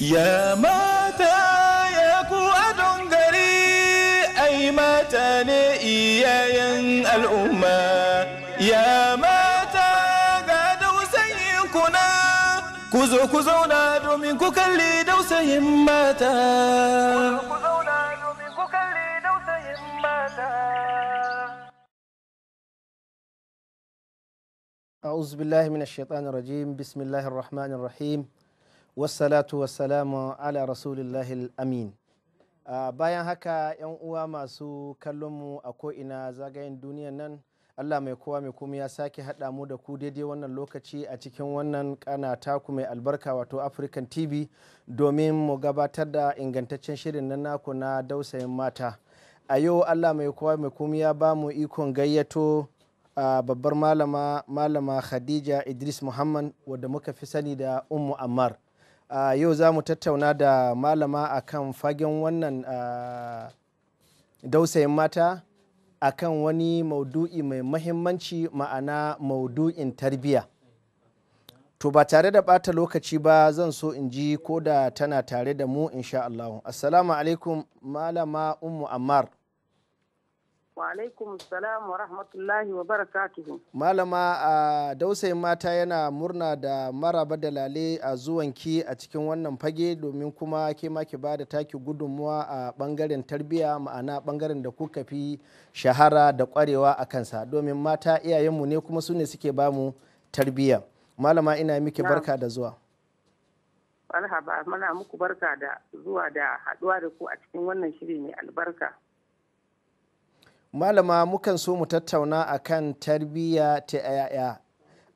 يا متى يكون غري اي متى نيا ين الامه يا متى غدو سيكون كوزو كوزو نادو من كوكلي دو سيم متى أعوذ بالله من الشيطان الرجيم بسم الله الرحمن الرحيم wassalatu wassalamu ala rasulillahi amin uh, bayan haka yan uwa masu kallonmu a ko'ina zagayen duniya nan allah mai kowa mai kuma ya sake haɗa mu da ku daidai wannan lokaci a cikin wannan kana taku mai albarka wato african tv domin mu gabatar da ingantaccen shirin na naku na dausayin mata a yau allah mai kowa mai kuma ya ba mu ikon gayyato uh, babbar malama malama khadija idris muhammad wadda muka fi sani da ummu ammar Uh, yau za mu tattauna da malama akan fagen wannan dausayin mata a kan wani maudu'i mai mahimmanci ma'ana maudu'in tarbiya to ba tare da bata lokaci ba zan so in ji ko da tana tare da mu insha Allah assalamu alaikum malama ummu ammar Wa'alaikum salam wa rahmatullahi wa barakatuhu. Malama a dausayin mata yana murna da maraba da a zuwanki a cikin wannan fage domin kuma ke ma ki bada taki gudunmuwa a bangaren tarbiyya ma'ana bangaren da kuka fi shahara da kwarewa a kansa domin mata iyayenmu ne kuma su ne suke bamu tarbiyya. Malama ina miki barka da zuwa. Marhaba, muna muku barka da zuwa da haɗuwa da ku a cikin wannan shiri mai albarka. malama mukan so mu tattauna akan tarbiyya ta yaya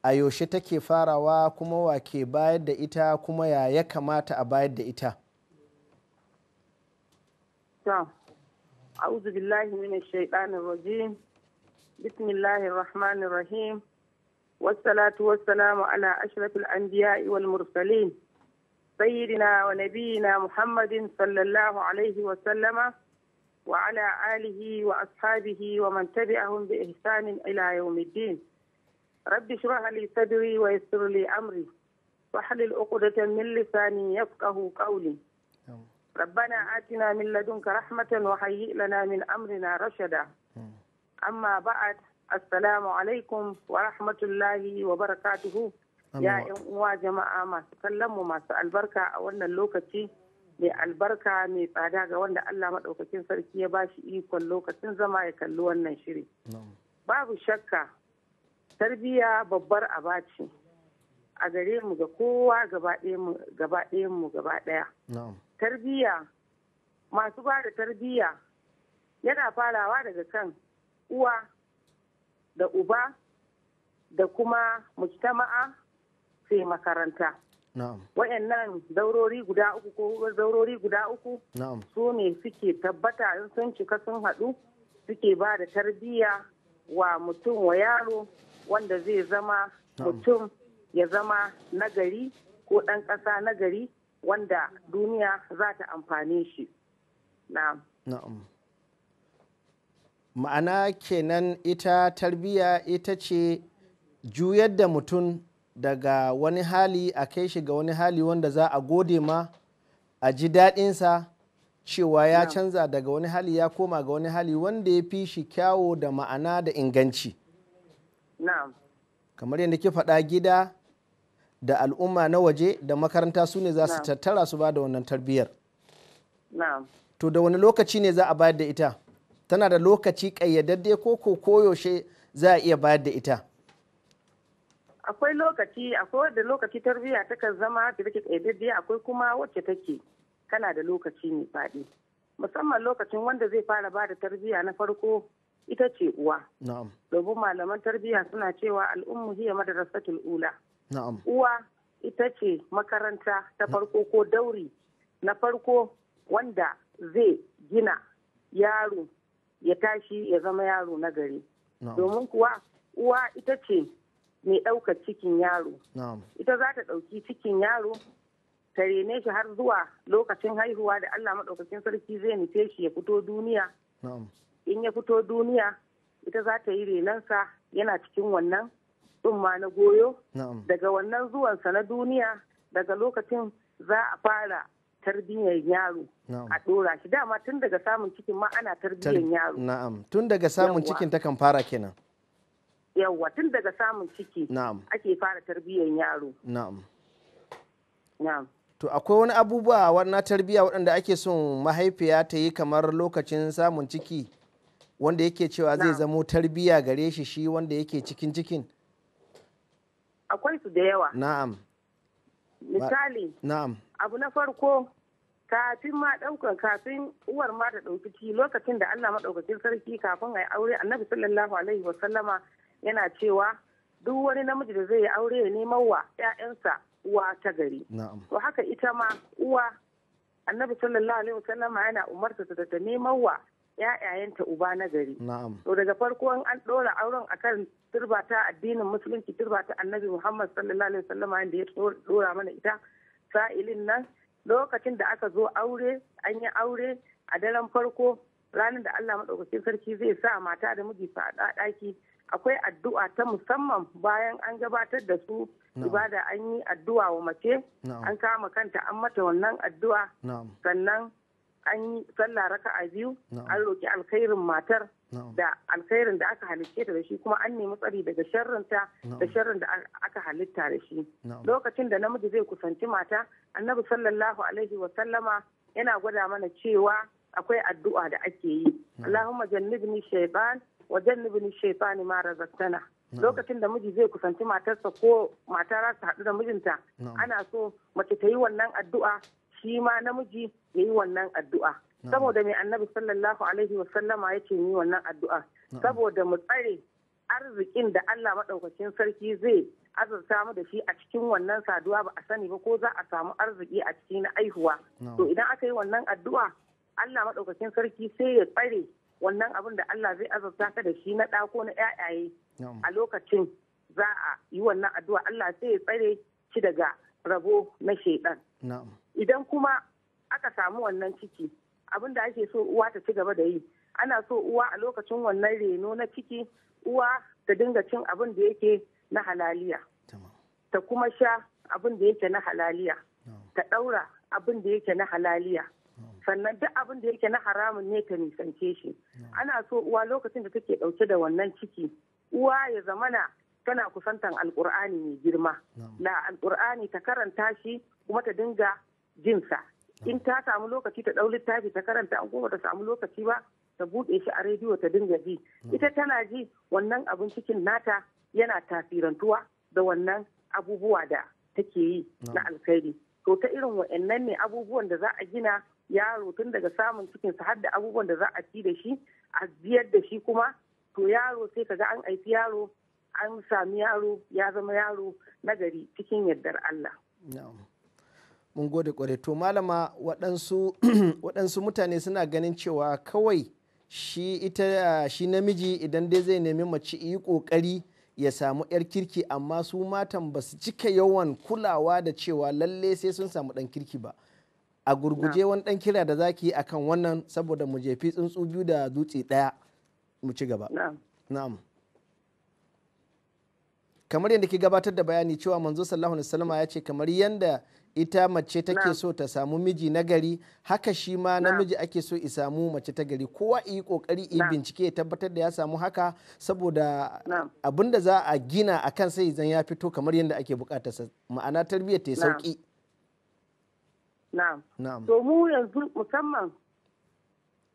a yaushe take farawa kuma wa ke bayar da ita kuma ya ya kamata a bayar da ita أعوذ بالله من الشيطان الرجيم بسم الله الرحمن الرحيم والصلاة والسلام على أشرف الأنبياء والمرسلين سيدنا ونبينا محمد صلى الله عليه وسلم وعلى آله وأصحابه ومن تبعهم بإحسان إلى يوم الدين رب اشرح لي صدري ويسر لي أمري واحلل عقدة من لساني يفقه قولي ربنا آتنا من لدنك رحمة وهيئ لنا من أمرنا رشدا أما بعد السلام عليكم ورحمة الله وبركاته يا إخوة جماعة ما تكلموا ما masu albarka a wannan mai albarka mai tsada ga wanda Allah maɗaukacin sarki ya bashi ikon lokacin zama ya kalli wannan shiri. Babu shakka, tarbiyya babbar aba ce a gare mu ga kowa gaba mu gaba ɗaya. Tarbiyya, masu ba da tarbiyya yana farawa daga kan uwa da uba da kuma mujtama'a sai makaranta. Wa'annan daurori guda uku ko daurori guda uku su ne suke tabbata in sun cika sun haɗu suke ba da tarbiyya wa mutum wa yaro wanda zai zama mutum ya zama nagari ko ɗan ƙasa nagari wanda duniya za ta amfane shi. Na'am. Ma'ana kenan ita tarbiyya ita ce juyar da mutum daga wani hali a kai shi ga wani hali wanda za a gode ma a ji daɗinsa cewa ya canza daga wani hali ya koma ga wani hali wanda ya fi shi kyawo da ma'ana da inganci kamar yadda ke faɗa gida da al'umma na waje da makaranta su ne za su tattara su ba da wannan tarbiyyar to da wani lokaci ne za a bayar da ita tana da lokaci ƙayyadadde ko ko koyaushe za a iya bayar da ita akwai lokaci akwai wadda lokaci tarbiyya takan zama da akwai kuma wacce take kana da lokaci mai faɗi musamman lokacin wanda zai fara ba da tarbiyya na farko ita ce uwa domin malaman tarbiyya suna cewa al'ummu hiya madrasatul ula uwa ita ce makaranta ta farko ko dauri na farko wanda zai gina yaro ya tashi ya zama yaro na gari domin kuwa uwa ita ce mai ɗaukar cikin yaro. Ita za ta ɗauki cikin yaro, ta rene shi har zuwa lokacin haihuwa da Allah maɗaukacin sarki zai nufe shi ya fito duniya. In ya fito duniya, ita za ta yi renansa yana cikin wannan tsumma na goyo. Daga wannan zuwansa na duniya, daga lokacin za a fara tarbiyyar yaro a ɗora shi dama tun daga samun cikin ma ana tarbiyyar yaro. Na'am, tun daga samun cikin takan fara kenan. yawwa tun daga samun ciki ake fara tarbiyyar yaro na'am na'am to akwai wani abubuwa wannan tarbiyya waɗanda ake son mahaifiya ta yi kamar lokacin samun ciki wanda yake cewa zai zamo tarbiyya gare shi shi wanda yake cikin cikin akwai su da yawa na'am misali na'am abu na farko kafin ma ɗaukar kafin uwar ma ta ɗauki lokacin da Allah maɗaukacin sarki kafin a yi aure annabi sallallahu alaihi wa sallama yana cewa duk wani namiji da zai yi aure ya neman wa 'ya'yansa uwa ta gari to haka ita ma uwa annabi sallallahu alaihi wasallama yana umarta da ta neman wa ‘ya'yayanta uba na gari. To daga farko an ɗora auren akan turba ta addinin musulunci turba ta annabi Muhammad sallallahu alaihi wasallam da ya ɗora mana ita sa'ilin nan lokacin da aka zo aure an yi aure a daren farko ranar da Allah madaukakin sarki zai sa mata da miji su a ɗaki akwai addu'a ta musamman bayan an gabatar da su ibada an yi addu'a wa mace an kama kanta an mata wannan addu'a sannan an yi sallah raka'a biyu an roki alkhairin matar da alkhairin da aka halitta ta da shi kuma an nemi tsari daga sharrinta da sharrin da aka halitta da shi lokacin da namiji zai kusanci mata annabi sallallahu alaihi wa sallama yana gwada mana cewa akwai addu'a da ake yi allahumma jannibni shaytan wajen nubini ni mara zartana lokacin da miji zai kusanci matarsa ko mata za su haɗu da mijinta ana so mace ta yi wannan addu'a shi ma namiji ya yi wannan addu'a saboda mai annabi sallallahu alaihi wasallama ya ce yi wannan addu'a saboda mu tsare arzikin da Allah maɗaukacin sarki zai azurta mu da shi a cikin wannan saduwa ba a sani ba ko za a samu arziki a ciki na aihuwa to idan aka yi wannan addu'a Allah maɗaukacin sarki sai ya tsare wannan abin da Allah zai azabta ka da shi na ɗako ko na ƴaƴaye a lokacin za a yi wannan addu'a Allah sai ya tsare shi daga rabo na shaidan. Idan kuma aka samu wannan ciki abin da ake so uwa ta ci gaba da yi ana so uwa a lokacin wannan reno na ciki uwa ta dinga cin abin da yake na halaliya ta kuma sha abin da yake na halaliya ta ɗaura abin da yake na halaliya sannan duk abin da yake na haramun ne ta nisance shi ana so uwa lokacin da take dauke da wannan ciki uwa ya zamana tana kusantan alkur'ani mai girma na alkur'ani ta karanta shi kuma ta dinga jinsa in ta samu lokaci ta ɗau littafi ta karanta an kuma ta samu lokaci ba ta buɗe shi a rediyo ta dinga ji ita tana ji wannan abin cikin nata yana tasirantuwa da wannan abubuwa da take yi na alkhairi to ta irin wa'annan ne abubuwan da za a gina yaro tun daga samun cikinsa har da abubuwan da za a ci da shi a ziyar da shi kuma to yaro sai ka ga an aiki yaro an sami yaro ya zama yaro nagari cikin yardar Allah. Mun gode kware to malama waɗansu mutane suna ganin cewa kawai shi ita shi namiji idan dai zai nemi mace yi ƙoƙari ya samu 'yar kirki amma su matan ba su cika yawan kulawa da cewa lalle sai sun samu ɗan kirki ba. a gurguje wani dan kira da zaki akan wannan saboda mu jefi tsuntsu biyu da dutse daya mu ci gaba na'am kamar yadda ke gabatar da bayani cewa manzo sallallahu alaihi wasallam ya ce kamar yadda ita mace take so ta samu miji na gari haka shi ma namiji ake so i samu mace ta gari kowa yi kokari yi bincike ya tabbatar da ya samu haka saboda abinda za a gina a kan sai zan ya fito kamar yadda ake bukatarsa ma'ana tarbiyyar ta yi sauki Na'am. To mu yanzu musamman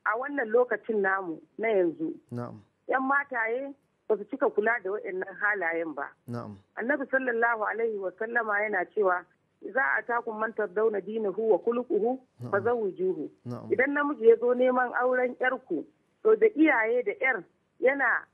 a wannan lokacin namu na yanzu. 'Yan mataye ba su cika kula da waɗannan halayen ba. Na'am. Annabi sallallahu alaihi wa sallama yana cewa za a takun mantar dauna dinahu wa kulquhu fa zawjuhu. Idan namiji ya zo neman auren yarku to da iyaye da yar yana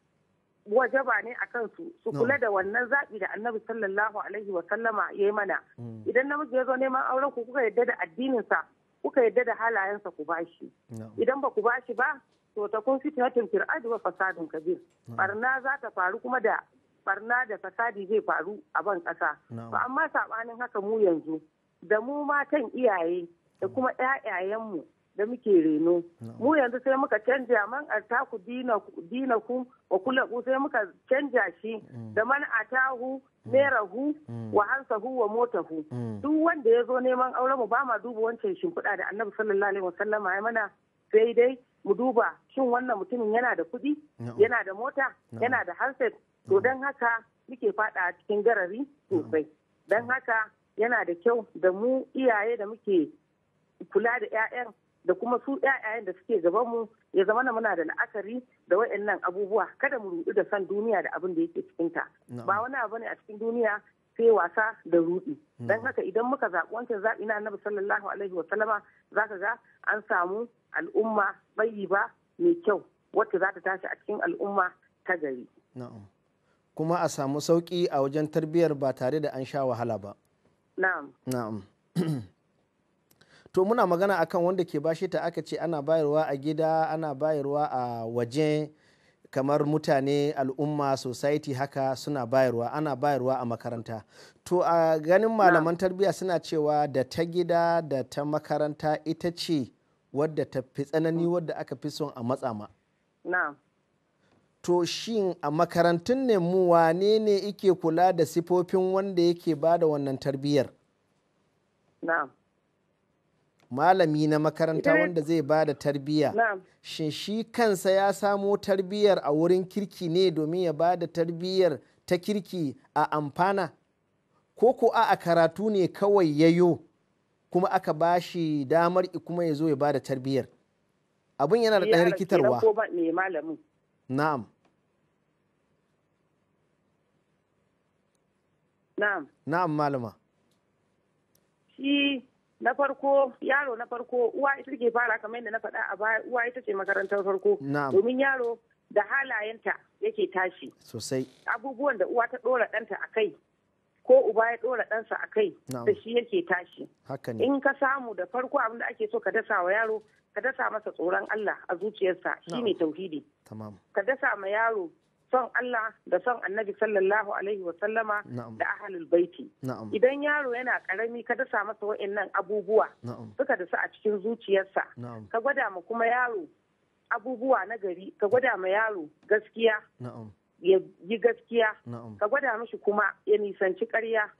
wajaba ne a kansu su kula da wannan zaɓi da annabi sallallahu alaihi wa sallama ya yi mana mm. idan namiji ya zo neman auren ku kuka yadda da addininsa kuka yadda da halayensa ku bashi idan ba ku bashi ba to ta kun fitnatin fir'adu wa fasadin kabir barna za ta faru kuma da barna da fasadi zai faru a ban ƙasa ba amma saɓanin haka mu yanzu da mu matan iyaye da mm. kuma mu da muke reno mu yanzu sai muka canja man ku dina ku wa kula ku sai muka canja shi mm. da man atahu hu mm. mm. wa hu wa mota hu duk wanda ya zo neman aure mu ba ma duba wancan shimfiɗa da annabi sallallahu alaihi wasallam ya mana sai dai mu duba shin wannan mutumin yana da kuɗi yana da mota yana da hanset to don haka muke faɗa cikin garari sosai don haka yana da kyau da mu iyaye da muke kula da 'ya'yan da kuma su ƴaƴayen da suke gaban mu ya zama na muna da la'akari da waɗannan abubuwa kada mu rudu da san duniya da abin da yake ta ba wani abu ne a cikin duniya sai wasa da rudi hmm. don haka idan muka zaɓi wancan zaɓi na annabi sallallahu alaihi wa sallama zaka ga an samu al'umma bayi ba mai kyau wacce za ta tashi a cikin al'umma ta gari kuma a samu sauki a wajen tarbiyyar ba tare da an sha wahala ba na'am na'am to muna magana akan wanda ke bashi ta aka ce ana bayarwa a gida ana bayarwa a waje kamar mutane al'umma society haka suna bayarwa ana bayarwa a makaranta to a ganin malaman tarbiyya suna cewa da ta gida da ta makaranta ita ce wadda ta fi tsanani mm. wadda aka fi son a matsama to shin a makarantun ne mu wane ne ike kula da sifofin wanda yake bada wannan tarbiyyar na'am malami na makaranta wanda zai ba da tarbiyya shin shi kansa ya samo tarbiyar a wurin kirki ne domin ya ba da tarbiyar ta kirki a amfana ko ko a karatu ne kawai yayo kuma aka ba shi damar kuma ya zo ya ba da tarbiyar abin yana da ɗan rikitarwa na'am na'am na'am malama shi na farko yaro na farko uwa ita take fara kamar yadda na faɗa a baya uwa ita ce makarantar farko domin yaro da halayenta yake tashi sosai abubuwan da uwa ta ɗora ɗanta a kai ko uba ya ɗora ɗansa a kai da shi yake tashi in ka samu da farko abin da ake so ka dasa wa yaro ka dasa masa tsoron Allah a zuciyarsa shine tauhidi ka dasa ma yaro son Allah da son annabi sallallahu alaihi sallama da ahalul baiti idan yaro yana karami ka dasa masa wa'annan abubuwa suka dasa a cikin zuciyarsa ka gwada ma kuma yaro abubuwa na gari ka gwada ma yaro gaskiya ya yi gaskiya ka gwada mashi kuma ya nisanci karya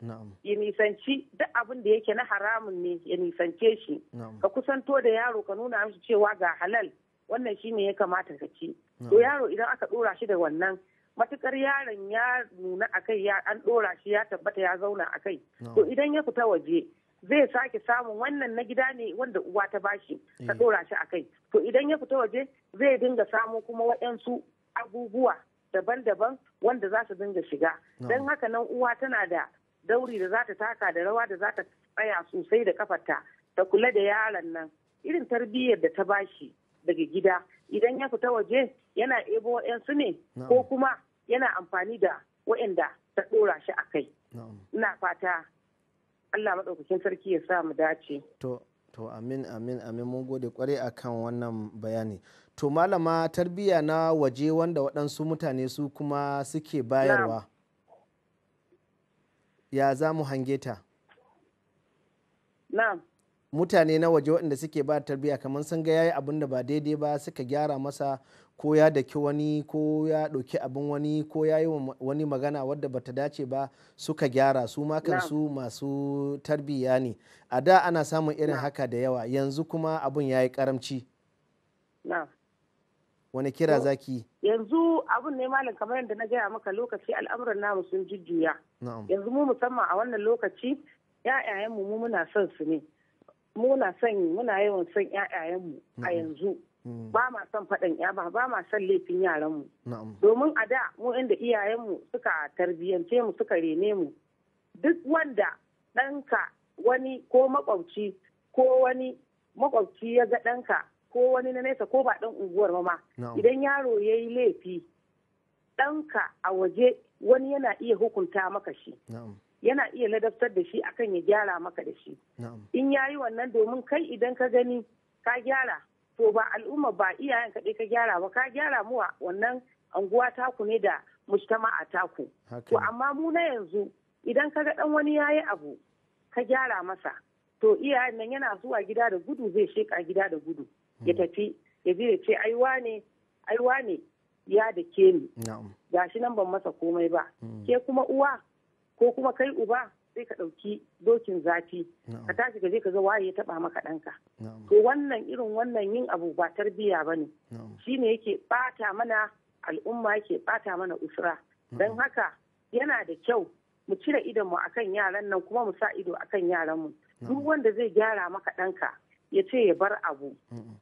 ya nisanci duk abin da yake na haramun ne ya nisance shi ka kusanto da yaro ka nuna mashi cewa ga halal wannan shi ne ya kamata ka ci hmm. to yaro idan aka dora shi da wannan matukar yaron ya nuna akai ya an dora shi ya tabbata ya zauna a kai. Hmm. to idan ya fita waje zai sake samun wannan na gida ne wanda uwa ta bashi ta dora hmm. shi a kai. to idan ya fita waje zai dinga samun kuma waɗansu abubuwa daban-daban wanda za su dinga shiga don haka nan uwa tana da dauri da za ta taka da rawa da za ta tsaya sosai da kafarta ta kula da yaron nan irin tarbiyyar da ta bashi daga gida idan ya fita waje yana ebo wa'yansu ne ko kuma yana amfani da wa'yanda ta ɗora shi a kai ina fata Allah maɗaukakin sarki ya sa mu dace to to amin amin amin mun gode kwarai akan wannan bayani to malama tarbiyya na waje wanda waɗansu mutane su kuma suke bayarwa ya za mu hange ta na'am mutane na waje waɗanda suke ba tarbiyya kamar sun ga yayi abin da ba daidai ba suka gyara masa ko ya daki wani ko ya ɗauki abin wani ko ya yi wani magana wadda bata dace ba suka gyara su ma kansu masu tarbiyya ne a da ana samun irin haka da yawa yanzu kuma abin ya yi karamci wani kira zaki yanzu abun ne malam kamar yadda na gaya maka lokaci al'amuran namu sun jujjuya yanzu mu musamman a wannan lokaci ya'yayanmu mu muna son su ne muna son muna yawan son ƴaƴayenmu a yanzu mm. ba ma son faɗan ya ba ba ma son laifin yaranmu domin a da mu inda iyayenmu suka tarbiyyance mu suka rene mu duk wanda ɗanka wani ko makwabci ko wani makwabci ya ga ɗanka ko wani na nesa ko ba ɗan unguwar ma idan yaro ya yi laifi ɗanka a waje wani yana iya hukunta maka shi yana iya ladabtar da shi akan ya gyara maka da shi in ya yi wannan domin kai idan ka gani ka gyara to ba al'umma ba iyayen kaɗai ka gyara ba ka gyara muwa wannan anguwa taku ne da mujtama a taku to amma mu na yanzu idan ka ga dan wani ya yi abu ka gyara masa to iyayen nan yana zuwa gida da gudu zai sheka gida da gudu ya hmm. tafi ya je ya ce ai wane ai wane ya da ke ni gashi nan ban masa komai ba hmm. ke kuma uwa ko kuma kai uba sai ka ɗauki dokin zafi ka tashi ka je ka ga waye ya taɓa maka ɗanka to wannan irin wannan yin abu ba tarbiyya ba ne shi ne yake ɓata mana al'umma yake ɓata mana usura don haka yana da kyau mu cire idonmu akan yaran nan kuma mu sa ido akan mu duk wanda zai gyara maka ɗanka ya ce ya bar abu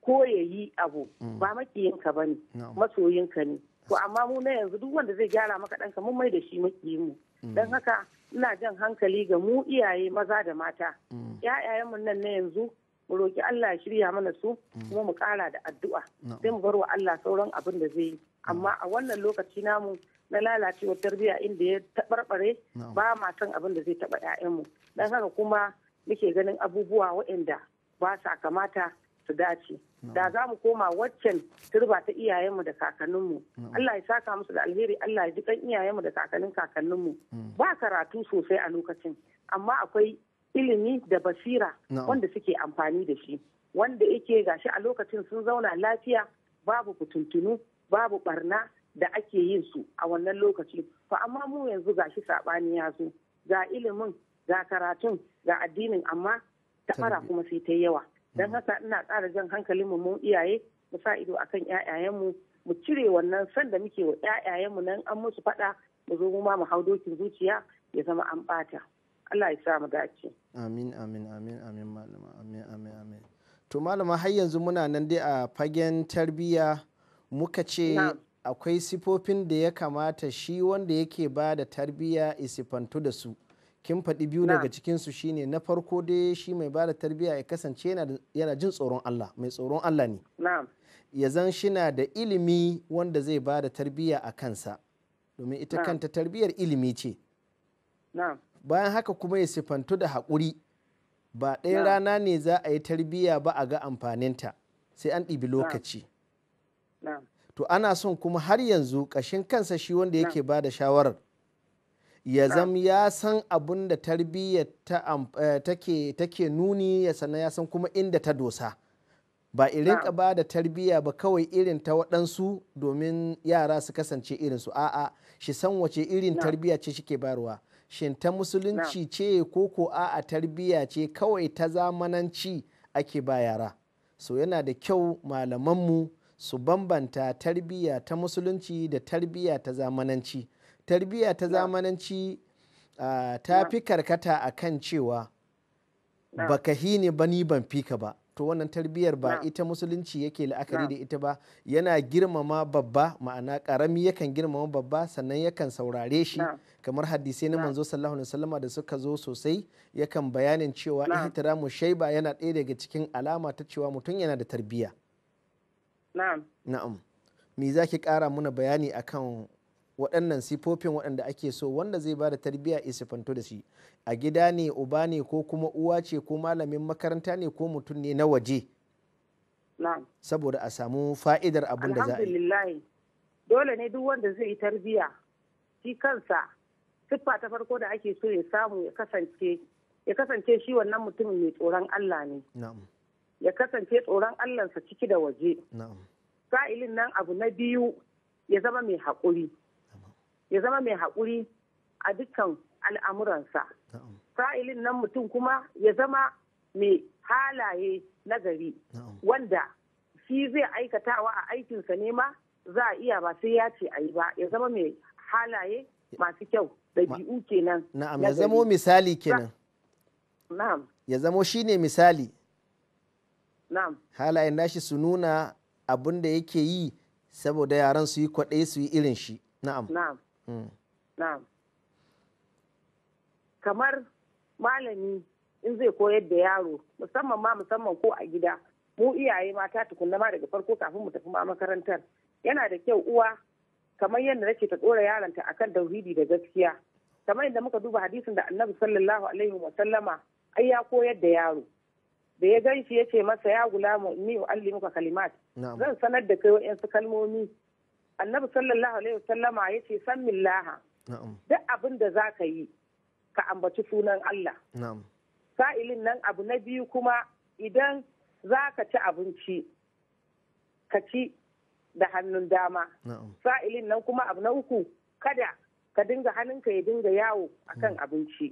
ko ya yi abu mm. ba makiyinka ba ne masoyinka ne to amma mu na yanzu duk wanda zai gyara maka ɗanka mun mai da shi makiyinmu. don haka ina jan hankali ga mu iyaye maza da mata mu nan na yanzu mu roki Allah ya shirya mana su kuma mu kara da addu'a sai mu bar wa Allah sauran abin da zai yi amma a wannan lokaci namu na lalacewar tarbiyya inda ya taɓarɓare ba ma san abin da zai taɓa 'ya'yanmu don haka kuma muke ganin abubuwa waɗanda ba sa kamata su dace da za mu koma waccan turba ta iyayenmu da kakanninmu Allah ya saka musu da alheri Allah ya ji kan iyayenmu da kakannin kakanninmu ba karatu sosai a lokacin amma akwai ilimi da basira wanda suke amfani da shi wanda yake gashi a lokacin sun zauna lafiya babu kutuntunu babu barna da ake yin su a wannan lokaci fa amma mu yanzu gashi saɓani ya zo ga ilimin ga karatun ga addinin amma ta tabara kuma sai ta yawa don haka ina ƙara jan hankalin mu iyaye mu sa ido akan ƴaƴayenmu mu cire wannan san da muke wa ƴaƴayenmu nan an musu faɗa mu zo kuma mu hau dokin zuciya ya zama an ɓata Allah ya sa mu dace amin amin amin amin malama amin amin amin to malama har yanzu muna nan dai a fagen tarbiyya muka ce akwai sifofin da ya kamata shi wanda yake ba da tarbiyya isifantu da su kin faɗi biyu daga cikinsu shine na farko dai shi mai bada tarbiyya ya kasance yana jin tsoron Allah mai tsoron Allah ne ya zan shina da ilimi wanda zai bada tarbiyya a kansa domin ita kanta tarbiyyar ilimi ce bayan haka kuma ya sifantu da haƙuri ba ɗaya rana ne za a yi tarbiyya ba a ga amfaninta sai an ɗibi lokaci to ana son kuma har yanzu ƙashin kansa shi wanda yake ba shawarar ya zam ya san abun da tarbiyyar eh, take nuni ya sannan ya san kuma inda ta dosa ba irin ka ba da tarbiyya ba kawai irin ta waɗansu domin yara su kasance irin su. a'a shi san wace irin tarbiyya ce ke bayarwa shin ta musulunci ce ko ko a'a tarbiyya ce kawai ta zamananci ake ba yara so yana da kyau malamanmu su bambanta tarbiyya ta musulunci da tarbiyya ta zamananci tarbiyya ta zamananci ta fi karkata a kan cewa hi ne ba ni ban fi ka ba to wannan tarbiyyar ba ita musulunci yake la'akari da ita ba yana girmama babba ma'ana karami yakan girmama babba sannan yakan saurare shi kamar hadisai na manzo sallallahu alaihi wasallama da suka zo sosai yakan bayanin cewa ihtiramu shaiba yana ɗaya daga cikin alama ta cewa mutum yana da tarbiyya na'am na'am me zaki kara muna bayani akan waɗannan sifofin waɗanda ake so wanda zai ba da tarbiyya ya sifanto da shi a gida ne uba ne ko kuma uwa ce ko malamin makaranta ne ko mutum ne na waje saboda a samu fa'idar abin da za a yi dole ne duk wanda zai yi tarbiyya shi kansa siffa ta farko da ake so ya samu ya kasance ya kasance shi wannan mutumin mai tsoron Allah ne ya kasance tsoron Allahnsa ciki da waje sa'ilin nan abu na biyu ya zama mai haƙuri ya zama mai haƙuri a dukkan al'amuransa Sa'ilin nan mutum kuma ya zama mai halaye na gari wanda shi zai aikatawa a aikinsa ne ma za a iya ba sai ya ce a yi ba ya zama mai halaye masu kyau ɗabi'u kenan na'am ya zamo misali kenan na'am ya zamo shi ne misali na'am nashi su nuna abin da yake yi saboda yaran su yi kwaɗe su yi irin shi na'am na'am na'am kamar malami in zai koyar da yaro musamman ma musamman ko a gida mu iyaye mata tukunna ma daga farko kafin mu tafi ma makarantar yana da kyau uwa kamar yadda nake ta dora yaronta akan tauhidi da gaskiya kamar yadda muka duba hadisin da annabi sallallahu alaihi wa sallama ai ya koyar da yaro da ya gan shi ya ce masa ya gulamu ni muka kalimat zan sanar da kai wa'yansu kalmomi annabi sallallahu alaihi wasallama ya ce san millaha duk abin da za ka yi ka ambaci sunan Allah sa'ilin nan abu na biyu kuma idan za ka ci abinci ka ci da hannun dama sa'ilin nan kuma abu na uku kada ka dinga hannunka ya dinga yawo akan hmm. abinci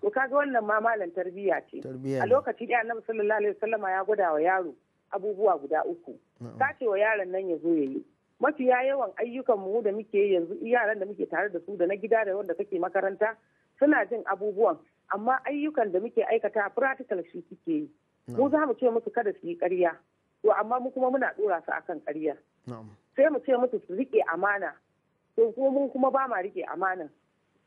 to ga wannan ma malam tarbiyya ce a lokaci da annabi sallallahu alaihi wasallama ya gwada wa yaro abubuwa guda uku ka ce wa yaron nan ya zo ya yi mafiya yawan ayyukan mu da muke yanzu yaran da muke tare da su da na gida da wanda kake makaranta suna jin abubuwan amma ayyukan da muke aikata practical shi suke yi mu za mu ce musu kada su yi ƙarya to amma mu kuma muna dora su akan ƙarya sai mu ce musu su rike amana to kuma mun kuma ba ma rike amana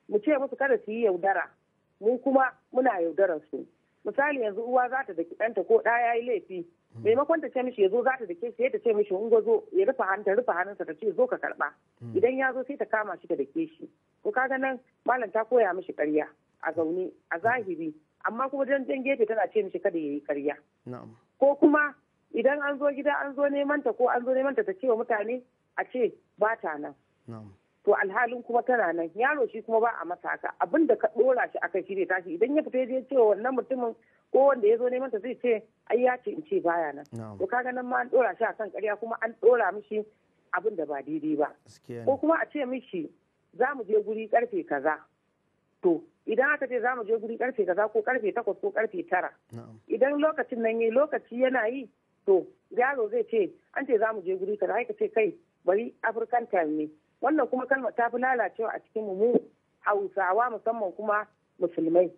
mu ce musu kada su yi yaudara mu kuma muna yaudarar su misali yanzu uwa za ta daki ɗanta ko ɗaya ya yi laifi Mm. maimakon ta ce mishi ya zo za ta dake shi ta ce mishi in zo ya rufe hannun ta rufe hannunsa ta ce zo ka karba mm. idan ya zo sai ta kama shi ta dake shi ko kaga nan malam ta koya mishi karya a zaune a zahiri amma kuma dan dan gefe tana ce mishi kada ya yi karya ko kuma idan an zo gida an zo neman ta ko an zo neman ta ta ce wa mutane a ce ba ta nan to alhalin kuma tana nan yaro shi kuma ba a masa haka abin da ka dora shi akai shi ne tashi idan ya fita ya ce wannan mutumin ko wanda ya zo neman ta zai ce ai ya ce in ce baya nan to kaga nan ma an dora shi akan ƙarya kuma an dora mishi abin da ba daidai ba ko kuma a ce mishi za mu je guri karfe kaza to idan aka ce za mu je guri karfe kaza ko karfe takwas ko karfe tara idan lokacin nan yayi lokaci yana yi to yaro zai ce an ce za mu je guri kaza ka ce kai bari african time ne wannan kuma kalma ta fi lalacewa a cikin mu hausawa musamman kuma musulmai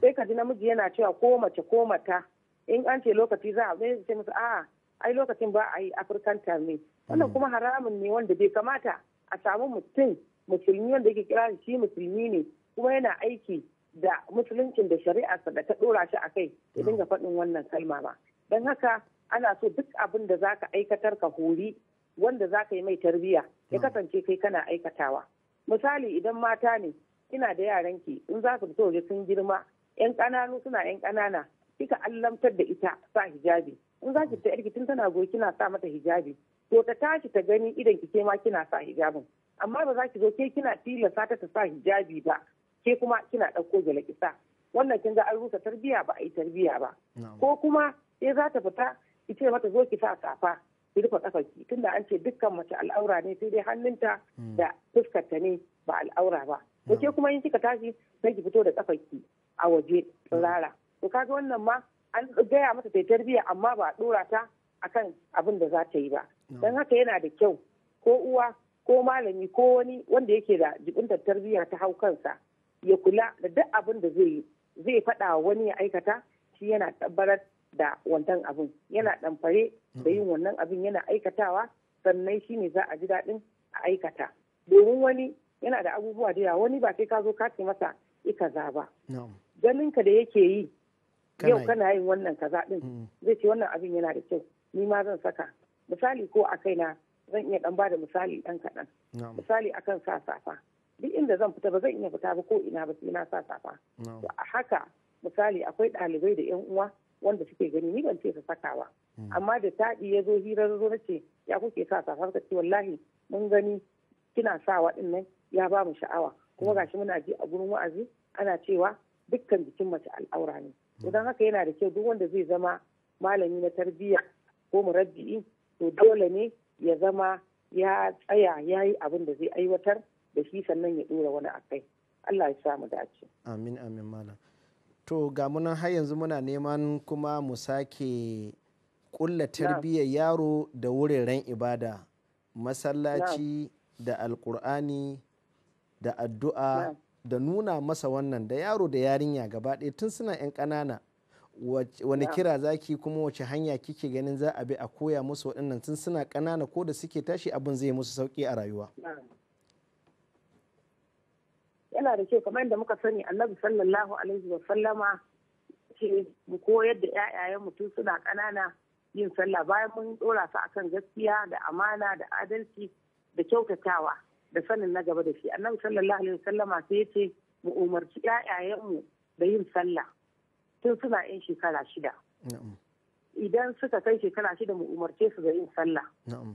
sai ka ji namiji yana cewa ko mace ko mata in an ce lokaci za a ce musu a'a ai lokacin ba a yi african time wannan mm. kuma haramun ne wanda bai kamata a samu mutum musulmi wanda yake kira shi musulmi ne kuma yana aiki da musuluncin da shari'arsa da ta dora shi a kai ya dinga faɗin wannan kalma ba don haka ana so duk abin da za ka aikatar ka hori wanda za ka yi mai tarbiya ya mm. kasance kai kana aikatawa misali idan mata ne kina da yaran ki in za su fito waje sun girma yan ƙananu suna yan ƙanana kika allamtar da ita sa hijabi in za ki fita yarki tun tana goyi kina sa mata hijabi to ta tashi ta gani idan ki ma kina sa hijabin amma ba za ki zo ke kina tilasta ta ta sa hijabi ba ke kuma kina ɗauko gele kisa wannan kin ga an rusa tarbiya ba a yi tarbiya ba ko kuma sai za ta fita ki ce mata zo ki sa safa ki rufe kafarki tunda an ce dukkan mace al'aura ne sai dai hannunta hmm. da fuskarta ne ba al'aura ba ko hmm. kuma in kika tashi sai ki fito da kafarki a waje tsirara to kaga wannan ma an gaya mata ta tarbiyya amma ba a dora ta akan abin da za ta yi ba hmm. dan haka yana da kyau ko uwa ko malami ko wani wanda yake da jibintar tarbiyya ta hau kansa ya kula da duk abin da zai yi zai faɗa wani ya aikata shi yana tabbatar da wannan abin yana mm. ɗamfare da yin wannan abin yana aikatawa sannan shi ne za a ji daɗin a aikata domin wani yana da abubuwa da yawa wani ba sai ka zo ka ce masa za ba ganin ka da yake yi yau kana yin wannan kaza din zai ce wannan abin yana da kyau ni ma zan saka misali ko a kaina zan iya dan bada misali dan kaɗan misali akan sa safa duk inda zan fita ba zan iya fita ba ko ina ba sai na sa safa a haka misali akwai ɗalibai da yan uwa wanda suke gani ni ban ce su saka ba hmm. amma da taɗi ya zo hirar zo na ce ya kuke sa safar ka ce wallahi mun gani kina sa nan ya ba mu sha'awa kuma hmm. gashi muna ji a gurin wa'azi ana cewa dukkan jikin mace al'aura ne idan hmm. haka yana da kyau duk wanda zai zama malami na tarbiyya ko murabbi'i to dole ne ya zama ya tsaya ya yi abin da zai aiwatar da shi sannan ya dora wani akai Allah ya sa mu dace amin amin malam to ga munan har yanzu muna neman kuma mu sake kulla tarbiyyar yaro da wuraren ibada masallaci da alkur'ani da addu'a da nuna masa wannan da yaro da yarinya gaba ɗaya tun suna 'yan ƙanana wani kira zaki kuma wace hanya kike ganin za a bi a koya musu waɗannan tun suna ƙanana ko da suke tashi abin zai musu sauki a rayuwa. yana da kyau kamar yadda muka sani annabi sallallahu alaihi wa sallama ce mu koyar da 'ya'yayen mutum suna ƙanana yin sallah bayan mun dora su akan gaskiya da amana da adalci da kyautatawa da sanin na gaba da shi annabi sallallahu alaihi wa sallama sai yace mu umarci ƴaƴayenmu da yin sallah tun suna yin shekara shida idan suka kai shekara shida mu umarce su da yin sallah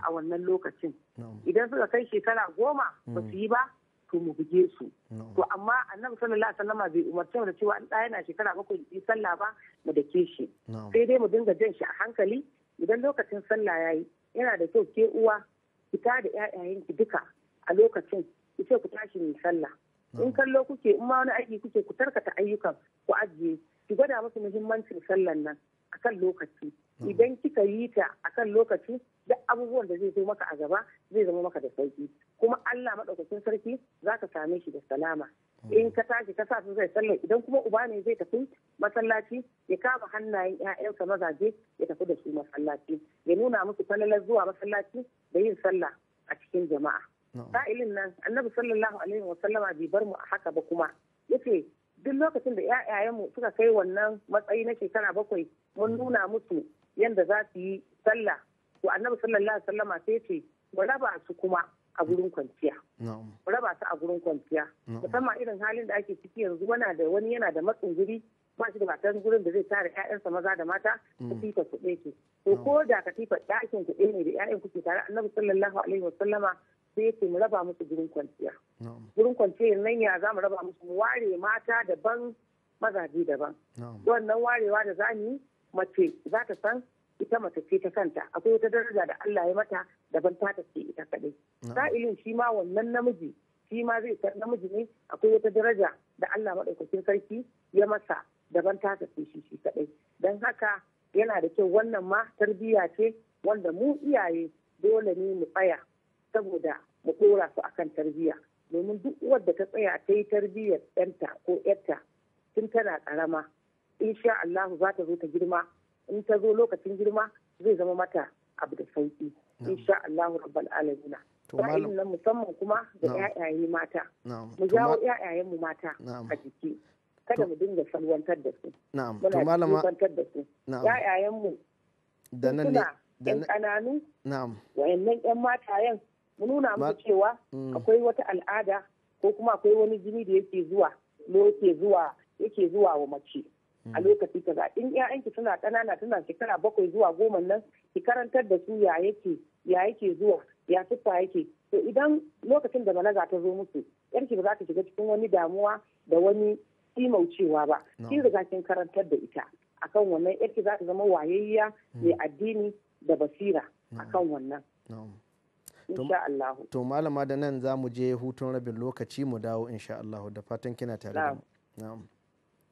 a wannan lokacin idan suka kai shekara goma ba mm. su yi ba to mu buge su to amma annabi sallallahu alaihi bai umarci mu da cewa an ɗaya na shekara bakwai yi sallah ba mu dake shi sai dai mu dinga jan shi a hankali idan lokacin sallah ya yi. yana da kyau ke uwa fita da ki duka a lokacin ki ce ku tashi mu sallah in kallo kuke in ma wani aiki kuke ku tarkata ayyukan ku ajiye ki gwada musu muhimmancin sallan nan a kan lokaci idan kika yi ta a kan lokaci duk abubuwan da zai zo maka a gaba zai zama maka da sauki kuma Allah maɗaukacin sarki za ka same shi da salama hmm. in ka tashi ka sa su zai sallar idan kuma uba ne zai tafi masallaci ya kama hannayen ƴaƴansa mazaje ya tafi da su masallaci ya nuna musu falalar zuwa masallaci da yin sallah a cikin jama'a sa'ilin nan annabi sallallahu alaihi wa sallama bai bar mu a haka ba kuma yace duk lokacin da ƴaƴayenmu suka kai wannan matsayi na shekara bakwai mun hmm. nuna musu yadda za su yi sallah to annabi sallallahu alaihi wasallama sai ce mu raba su kuma a gurin kwanciya mu raba su a gurin kwanciya musamman irin halin da ake ciki yanzu wana da wani yana da matsin guri ba shi da matan gurin da zai tara ƴaƴansa maza da mata mm. katifa su ɗaya to ko da katifa ɗakin ku ɗaya ne da ƴaƴan ke tare annabi sallallahu alaihi wasallama sai ya ce mu raba musu gurin kwanciya gurin kwanciya nan ya za raba musu mu ware mata daban mazaje daban wannan warewa da zamu mace za ta san ita mace ce ta kanta akwai wata daraja da Allah ya mata da ban ta ce ita kadai sa'ilin shi ma wannan namiji shi ma zai san namiji ne akwai wata daraja da Allah madaukakin sarki ya masa da ban ta ce shi shi kadai dan haka yana da kyau wannan ma tarbiyya ce wanda mu iyaye dole ne mu tsaya saboda mu ɗora su akan tarbiyya domin duk wadda ta tsaya ta yi tarbiyyar ɗanta ko ƴarta tun tana ƙarama insha Allah za ta zo ta girma in ta zo lokacin girma zai zama mata abu da sauki insha Allahu rabbal alamina sa'in nan musamman kuma ga yayaye mata mu jawo ƴaƴayen mu mata a jiki kada mu dinga salwantar da su to malama da su yayayen mu da nan ne yan kananu na'am wayannan mata matayen mu nuna musu cewa mm. akwai wata al'ada ko kuma akwai wani jini da yake zuwa yake zuwa yake zuwa wa mace Mm. a lokaci kaza in ƴaƴanki suna ƙanana tana shekara bakwai zuwa goma nan ki karantar da su ya yake ya yake zuwa ya siffa yake to idan lokacin da balaga ta zo musu yarki ba za ta shiga cikin wani damuwa da wani imaucewa ba kin riga kin karantar da ita akan wannan yarki za ta zama wayayya mm. mai addini da basira akan wannan to malama da nan za mu je hutun rabin lokaci mu dawo insha Allah da fatan kina tare da mu na'am